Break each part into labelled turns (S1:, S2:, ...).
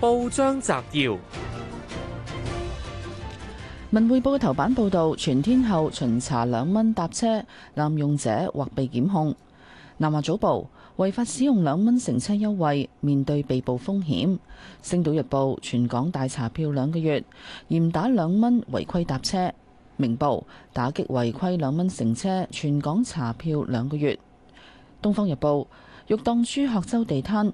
S1: 報章摘要：《文匯報》頭版報道，全天候巡查兩蚊搭車，濫用者或被檢控。《南華早報》違法使用兩蚊乘車優惠，面對被捕風險。《星島日報》全港大查票兩個月，嚴打兩蚊違規搭車。《明報》打擊違規兩蚊乘車，全港查票兩個月。《東方日報》欲當珠鶴洲地攤。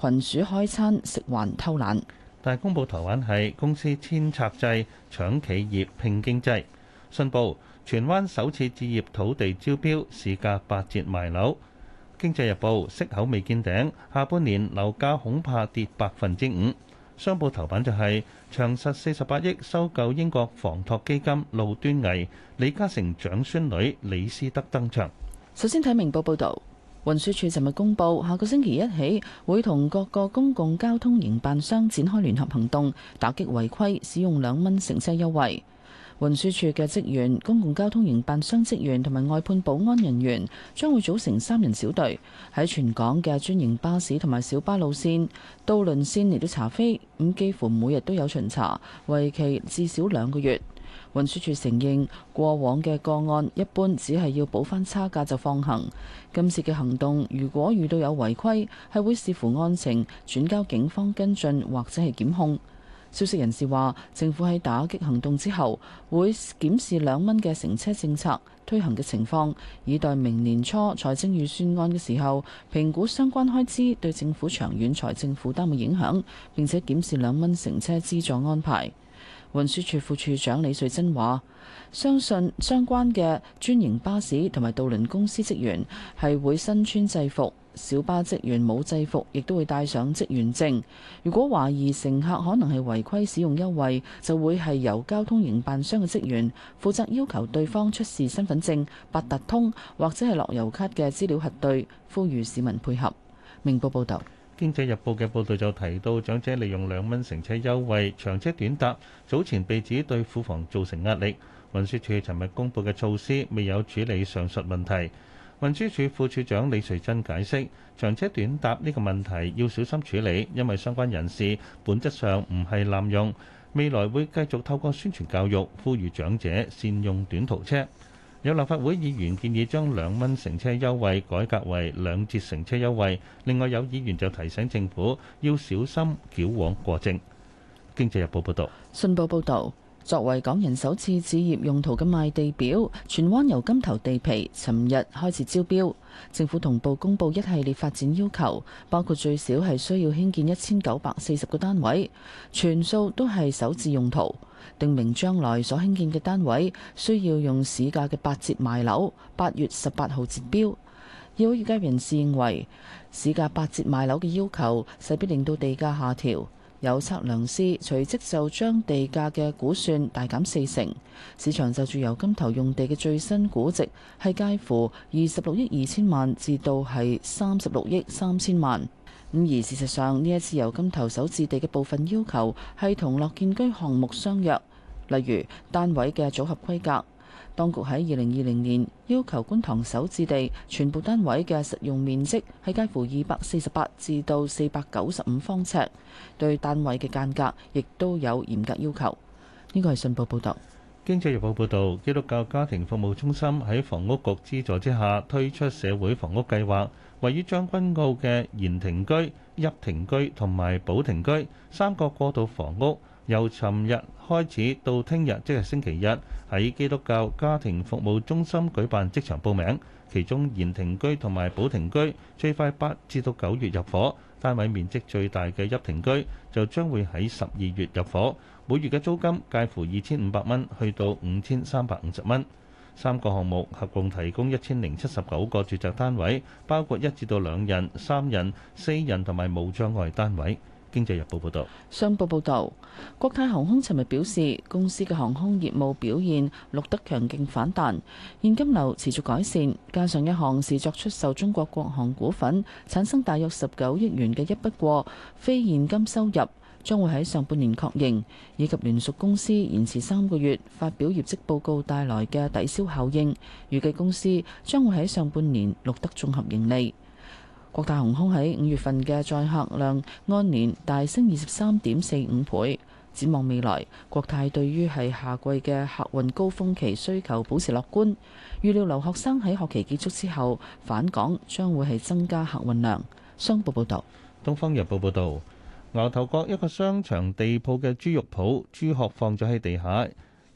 S1: 群鼠開餐食環偷懶，
S2: 大公報頭版係公司遷冊制搶企業拼經濟。信報荃灣首次置業土地招標市價八折賣樓。經濟日報息口未見頂，下半年樓價恐怕跌百分之五。商報頭版就係長實四十八億收購英國房託基金路端毅，李嘉誠長孫女李思德登場。
S1: 首先睇明報報導。運輸署尋日公布，下個星期一起會同各個公共交通營辦商展開聯合行動，打擊違規使用兩蚊乘車優惠。運輸署嘅職員、公共交通營辦商職員同埋外判保安人員將會組成三人小隊，喺全港嘅專營巴士同埋小巴路線、渡輪線嚟到查飛。咁幾乎每日都有巡查，為期至少兩個月。運輸署，署承認過往嘅個案一般只係要補返差價就放行。今次嘅行動如果遇到有違規，係會視乎案情轉交警方跟進或者係檢控。消息人士話，政府喺打擊行動之後會檢視兩蚊嘅乘車政策推行嘅情況，以待明年初財政預算案嘅時候評估相關開支對政府長遠財政負擔嘅影響，並且檢視兩蚊乘車資助安排。運輸處副署長李瑞珍話，相信相關嘅專營巴士同埋渡輪公司職員係會身穿制服，小巴職員冇制服，亦都會帶上職員證。如果懷疑乘客可能係違規使用優惠，就會係由交通營辦商嘅職員負責要求對方出示身份證、八達通或者係樂悠咭嘅資料核對，呼籲市民配合。明報報道。
S2: 《經濟日報》嘅報導就提到，長者利用兩蚊乘車優惠長車短搭，早前被指對庫房造成壓力。運輸署尋日公佈嘅措施未有處理上述問題。運輸署副署長李瑞珍解釋，長車短搭呢個問題要小心處理，因為相關人士本質上唔係濫用。未來會繼續透過宣傳教育，呼籲長者善用短途車。有立法會議員建議將兩蚊乘車優惠改革為兩折乘車優惠，另外有議員就提醒政府要小心矯枉過正。經濟日報報導，
S1: 信報報導。作為港人首次置業用途嘅賣地表，荃灣油柑頭地皮，尋日開始招標。政府同步公布一系列發展要求，包括最少係需要興建一千九百四十個單位，全數都係首置用途。定明將來所興建嘅單位需要用市價嘅八折賣樓，八月十八號截標。有業界人士認為，市價八折賣樓嘅要求，勢必令到地價下調。有測量師隨即就將地價嘅估算大減四成，市場就住油金頭用地嘅最新估值係介乎二十六億二千萬至到係三十六億三千萬。咁而事實上呢一次油金頭首置地嘅部分要求係同樂建居項目相約，例如單位嘅組合規格。當局喺二零二零年要求觀塘首置地全部單位嘅實用面積係介乎二百四十八至到四百九十五方尺，對單位嘅間隔亦都有嚴格要求。呢個係信報報導。
S2: 經濟日報報導，基督教家庭服務中心喺房屋局資助之下推出社會房屋計劃，位於將軍澳嘅延庭居、邑庭居同埋寶庭居三個過渡房屋。由尋日開始到聽日，即係星期日，喺基督教家庭服務中心舉辦即場報名。其中延庭居同埋保庭居最快八至到九月入夥，單位面積最大嘅一庭居就將會喺十二月入夥。每月嘅租金介乎二千五百蚊去到五千三百五十蚊。三個項目合共提供一千零七十九個住宅單位，包括一至到兩人、三人、四人同埋無障礙單位。經濟日報報道，
S1: 商報報道，國泰航空尋日表示，公司嘅航空業務表現錄得強勁反彈，現金流持續改善，加上一項視作出售中國國航股份，產生大約十九億元嘅一筆過非現金收入，將會喺上半年確認，以及聯屬公司延遲三個月發表業績報告帶來嘅抵銷效應，預計公司將會喺上半年錄得綜合盈利。國泰航空喺五月份嘅載客量按年大升二十三點四五倍。展望未來，國泰對於係夏季嘅客運高峰期需求保持樂觀，預料留學生喺學期結束之後返港將會係增加客運量。商報報道，
S2: 《東方日報》報道，牛頭角一個商場地鋪嘅豬肉鋪，豬殼放咗喺地下，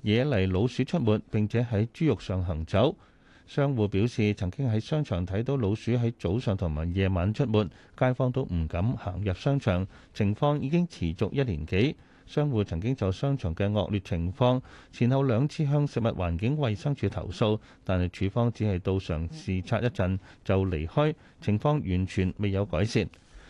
S2: 惹嚟老鼠出沒，並且喺豬肉上行走。商戶表示，曾經喺商場睇到老鼠喺早上同埋夜晚出沒，街坊都唔敢行入商場。情況已經持續一年幾。商戶曾經就商場嘅惡劣情況，前後兩次向食物環境衛生署投訴，但係處方只係到場視察一陣就離開，情況完全未有改善。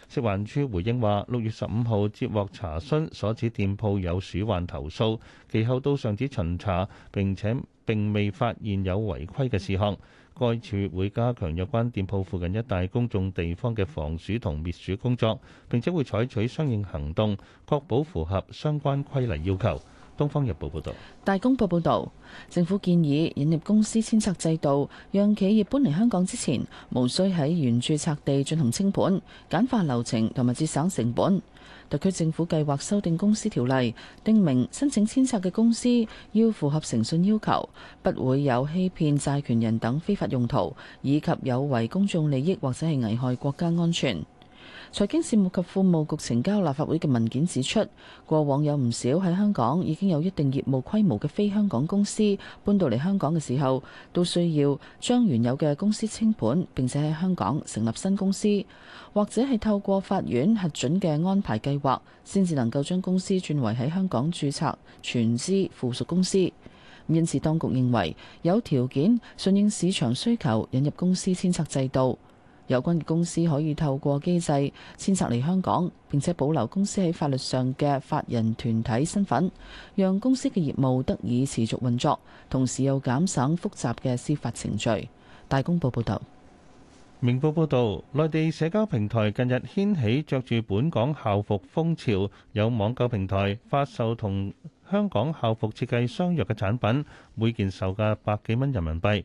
S2: 食環處回應話：六月十五號接獲查詢，所指店鋪有鼠患投訴，其後都上址巡查，並且並未發現有違規嘅事項。該處會加強有關店鋪附近一帶公眾地方嘅防鼠同滅鼠工作，並且會採取相應行動，確保符合相關規例要求。《東方日報》報道，
S1: 《大公報》報導，政府建議引入公司遷冊制度，讓企業搬嚟香港之前，無需喺原註冊地進行清盤，簡化流程同埋節省成本。特區政府計劃修訂公司條例，訂明申請遷冊嘅公司要符合誠信要求，不會有欺騙債權人等非法用途，以及有違公眾利益或者係危害國家安全。財經事務及庫務局呈交立法會嘅文件指出，過往有唔少喺香港已經有一定業務規模嘅非香港公司搬到嚟香港嘅時候，都需要將原有嘅公司清盤，並且喺香港成立新公司，或者係透過法院核准嘅安排計劃，先至能夠將公司轉為喺香港註冊全資附屬公司。因此，當局認為有條件順應市場需求，引入公司遷冊制度。有關公司可以透過機制遷拆嚟香港，並且保留公司喺法律上嘅法人團體身份，讓公司嘅業務得以持續運作，同時又減省複雜嘅司法程序。大公報報道。
S2: 明報報道，內地社交平台近日掀起着住本港校服風潮，有網購平台發售同香港校服設計相若嘅產品，每件售價百幾蚊人民幣。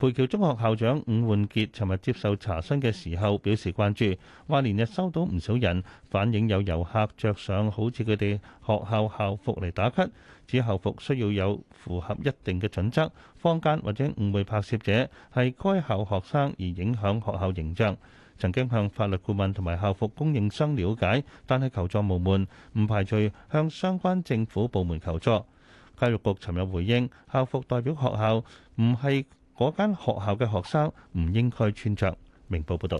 S2: 培橋中學校長伍煥傑尋日接受查詢嘅時候表示關注，話連日收到唔少人反映，有遊客着上好似佢哋學校校服嚟打卡。指校服需要有符合一定嘅準則，坊間或者誤會拍攝者係該校學生而影響學校形象。曾經向法律顧問同埋校服供應商了解，但係求助無門，唔排除向相關政府部門求助。教育局尋日回應：校服代表學校，唔係。嗰間學校嘅學生唔應該穿著。明報報導，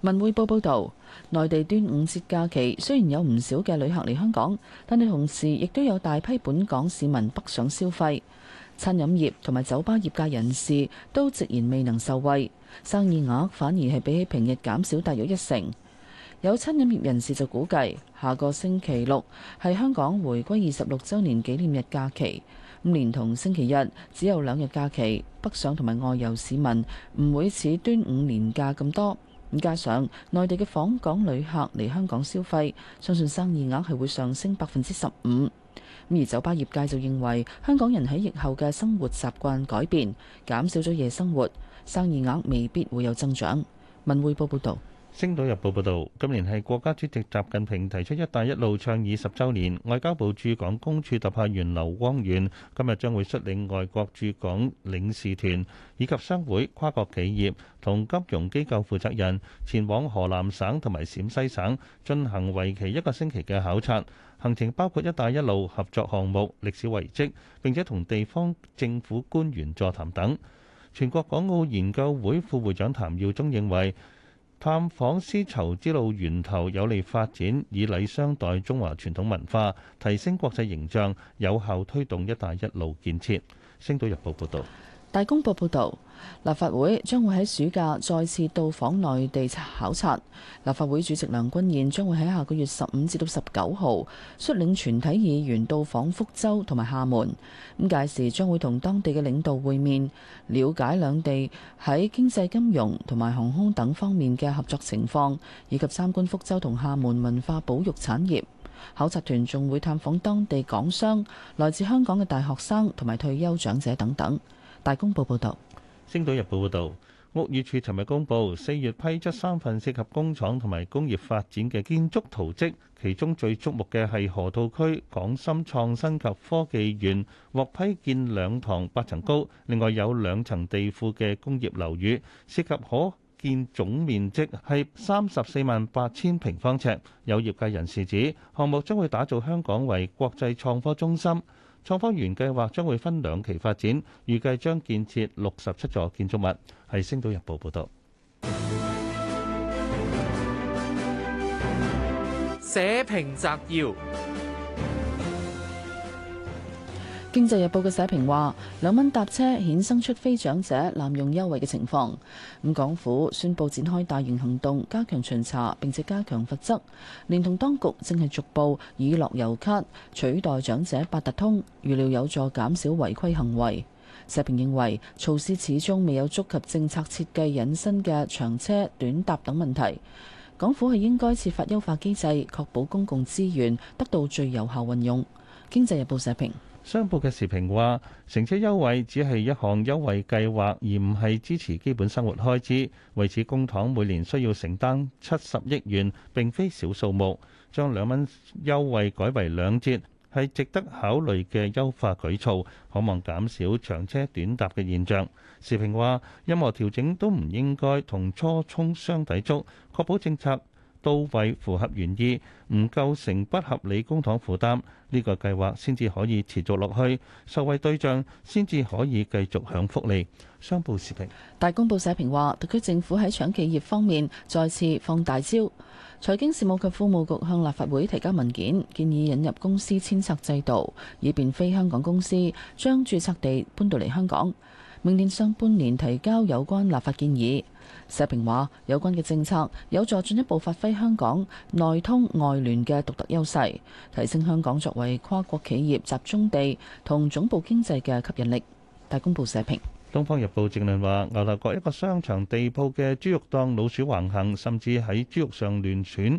S1: 文匯報報導，內地端午節假期雖然有唔少嘅旅客嚟香港，但係同時亦都有大批本港市民北上消費。餐飲業同埋酒吧業界人士都直言未能受惠，生意額反而係比起平日減少大約一成。有餐飲業人士就估計，下個星期六係香港回歸二十六週年紀念日假期。連同星期日只有兩日假期，北上同埋外遊市民唔會似端午連假咁多。咁加上內地嘅訪港旅客嚟香港消費，相信生意額係會上升百分之十五。而酒吧業界就認為，香港人喺疫後嘅生活習慣改變，減少咗夜生活，生意額未必會有增長。文匯報
S2: 報導。《星島日報》報導，今年係國家主席習近平提出「一帶一路」倡議十週年，外交部駐港公署特派員劉光遠今日將會率領外國駐港領事團以及商會、跨國企業同金融機構負責人前往河南省同埋陝西省進行為期一個星期嘅考察。行程包括「一帶一路」合作項目、歷史遺跡，並且同地方政府官員座談等。全國港澳研究會副會長譚耀宗認為。探訪絲綢之路源頭有利發展，以禮相待中華傳統文化，提升國際形象，有效推動「一帶一路」建設。星島日報報道。
S1: 大公報報導，立法會將會喺暑假再次到訪內地考察。立法會主席梁君彥將會喺下個月十五至到十九號率領全體議員到訪福州同埋廈門。咁屆時將會同當地嘅領導會面，了解兩地喺經濟、金融同埋航空等方面嘅合作情況，以及參觀福州同廈門文化保育產業。考察團仲會探訪當地港商、來自香港嘅大學生同埋退休長者等等。大公報報導，
S2: 《星島日報》報導，屋宇署尋日公布，四月批出三份涉及工廠同埋工業發展嘅建築圖則，其中最觸目嘅係河套區港深創新及科技園獲批建兩幢八層高，另外有兩層地庫嘅工業樓宇，涉及可建總面積係三十四萬八千平方尺。有業界人士指，項目將會打造香港為國際創科中心。創方園計劃將會分兩期發展，預計將建設六十七座建築物。係《星島日報》報道。社評摘要。
S1: 經濟日報嘅社評話：兩蚊搭車衍生出非長者濫用優惠嘅情況，咁港府宣布展開大型行動，加強巡查並且加強罰則，連同當局正係逐步以樂悠卡取代長者八達通，預料有助減少違規行為。社評認為措施始終未有觸及政策設計引申嘅長車短搭等問題。港府係應該設法優化機制，確保公共資源得到最有效運用。經濟日報社評。
S2: 商報嘅時評話：乘車優惠只係一項優惠計劃，而唔係支持基本生活開支。為此，公帑每年需要承擔七十億元，並非小數目。將兩蚊優惠改為兩折，係值得考慮嘅優化舉措，可望減少長車短搭嘅現象。時評話：任何調整都唔應該同初衷相抵觸，確保政策都為符合原意，唔構成不合理公帑負擔，呢、這個計劃先至可以持續落去，受惠對象先至可以繼續享福利。商報時評。
S1: 大公報社評話，特區政府喺搶企業方面再次放大招。財經事務及庫務局向立法會提交文件，建議引入公司遷冊制度，以便非香港公司將註冊地搬到嚟香港。明年上半年提交有關立法建議，社評話有關嘅政策有助進一步發揮香港內通外聯嘅獨特優勢，提升香港作為跨國企業集中地同總部經濟嘅吸引力。大公報
S2: 社評。東方日報正論，話牛頭角一個商場地鋪嘅豬肉檔老鼠橫行，甚至喺豬肉上亂竄。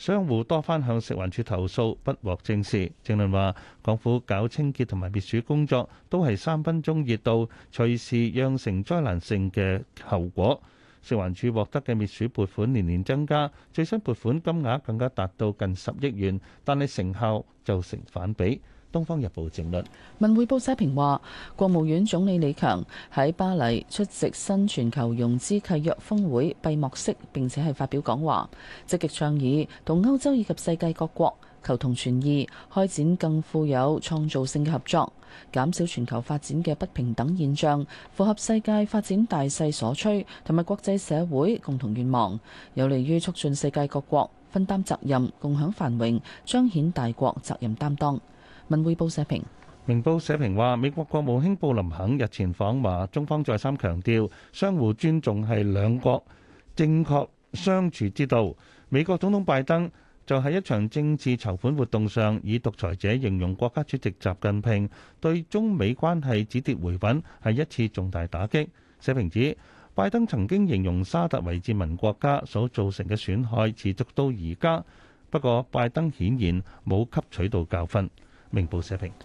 S2: 商戶多番向食環署投訴，不獲正視。政論話，港府搞清潔同埋滅鼠工作都係三分鐘熱度，隨時釀成災難性嘅後果。食環署獲得嘅滅鼠撥款年年增加，最新撥款金額更加達到近十億元，但係成效就成反比。《東方日報》正論。
S1: 文匯報社評話，國務院總理李強喺巴黎出席新全球融資契約峰會閉幕式，並且係發表講話，積極倡議同歐洲以及世界各國求同存異，開展更富有創造性嘅合作，減少全球發展嘅不平等現象，符合世界發展大勢所趨同埋國際社會共同願望，有利於促進世界各國分擔責任、共享繁榮，彰顯大國責任擔當。文匯報社評，
S2: 明報社評話，美國國務卿布林肯日前訪華，中方再三強調，相互尊重係兩國正確相處之道。美國總統拜登就喺一場政治籌款活動上，以獨裁者形容國家主席習近平，對中美關係止跌回穩係一次重大打擊。社評指，拜登曾經形容沙特為殖民國家所造成嘅損害持續到而家，不過拜登顯然冇吸取到教訓。明報社評。